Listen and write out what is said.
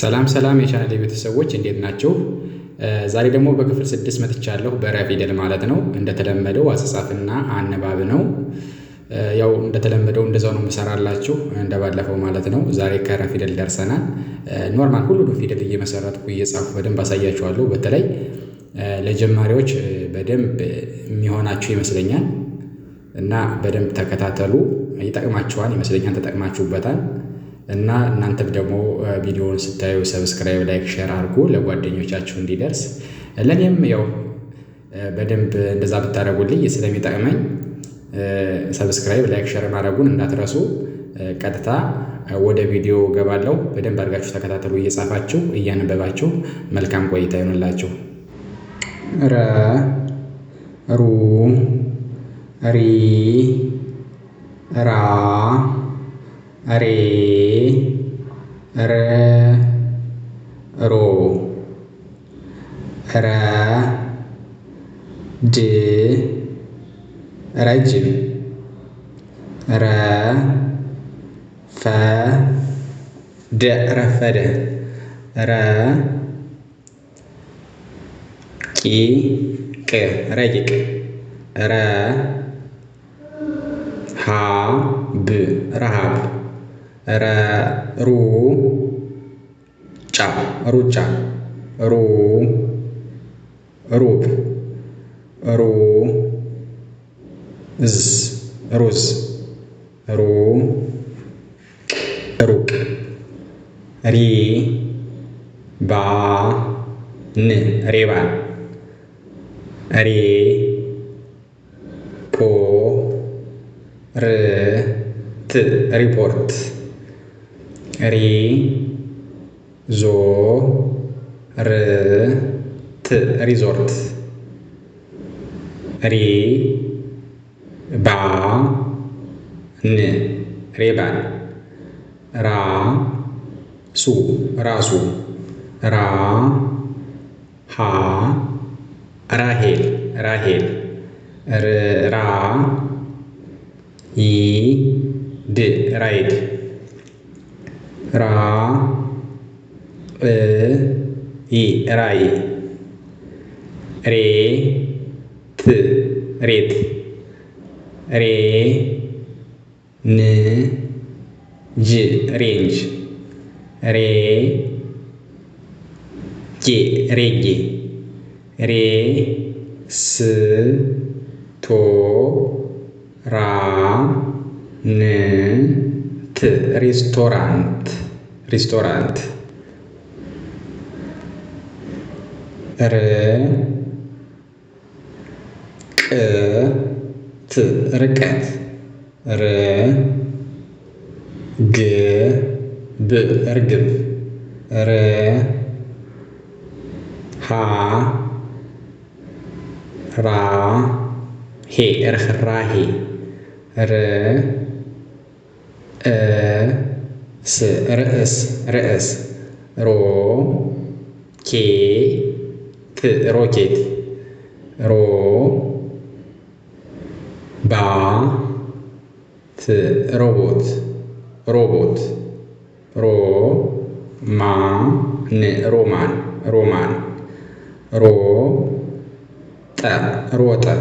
ሰላም ሰላም የቻናል ቤተሰቦች እንዴት ናቸው? ዛሬ ደግሞ በክፍል ስድስት መጥቻለሁ። በረ ፊደል ማለት ነው። እንደተለመደው አጻጻፍና አነባብ ነው። ያው እንደተለመደው እንደዛው ነው የምሰራላችሁ እንደ ባለፈው ማለት ነው። ዛሬ ከረ ፊደል ደርሰናል። ኖርማል ሁሉንም ፊደል እየመሰረትኩ እየጻፉ በደንብ አሳያችኋለሁ። በተለይ ለጀማሪዎች በደንብ የሚሆናችሁ ይመስለኛል እና በደንብ ተከታተሉ። ይጠቅማችኋል ይመስለኛል፣ ተጠቅማችሁበታል። እና እናንተም ደግሞ ቪዲዮውን ስታዩ ሰብስክራይብ፣ ላይክ፣ ሼር አድርጉ ለጓደኞቻችሁ እንዲደርስ። ለእኔም ያው በደንብ እንደዛ ብታደረጉልኝ ስለሚጠቅመኝ ሰብስክራይብ፣ ላይክ፣ ሼር ማድረጉን እንዳትረሱ። ቀጥታ ወደ ቪዲዮ ገባለሁ። በደንብ አድርጋችሁ ተከታተሉ፣ እየጻፋችሁ እያነበባችሁ። መልካም ቆይታ ይሆንላችሁ። ረ ሩ ሪ ራ re re ro ra j rajm ra fa fa rafada ra ki ke rajik ra ha b rahab ረ ሩ ጫ ሩጫ ሩ ሩብ ሩ ዝ ሩዝ ሩ ሩቅ ሪ ባ ን ሬባን ሬ ፖ ር ት ሪፖርት ሪ ዞ ር ት ሪዞርት ሪ ባ ን ሬባን ራ ሱ ራሱ ራ ሀ ራሄል ራሄል ራ ይ ድ ራይድ ራ ኢ ራይ ሬ ት ሬት ሬ ን ጅ ሬንጅ ሬ ጌ ሬጌ ሬ ስ ቶ ራ ን ريستورانت ريستورانت ر ق ت رقت ر ج ب ر ር را هي ሄ راهي ر እስ ርዕስ ርዕስ ሮ ኬ ት ሮኬት ሮ ባ ት ሮቦት ሮቦት ሮ ማ ን ሮማን ሮማን ሮ ጠ ሮጠ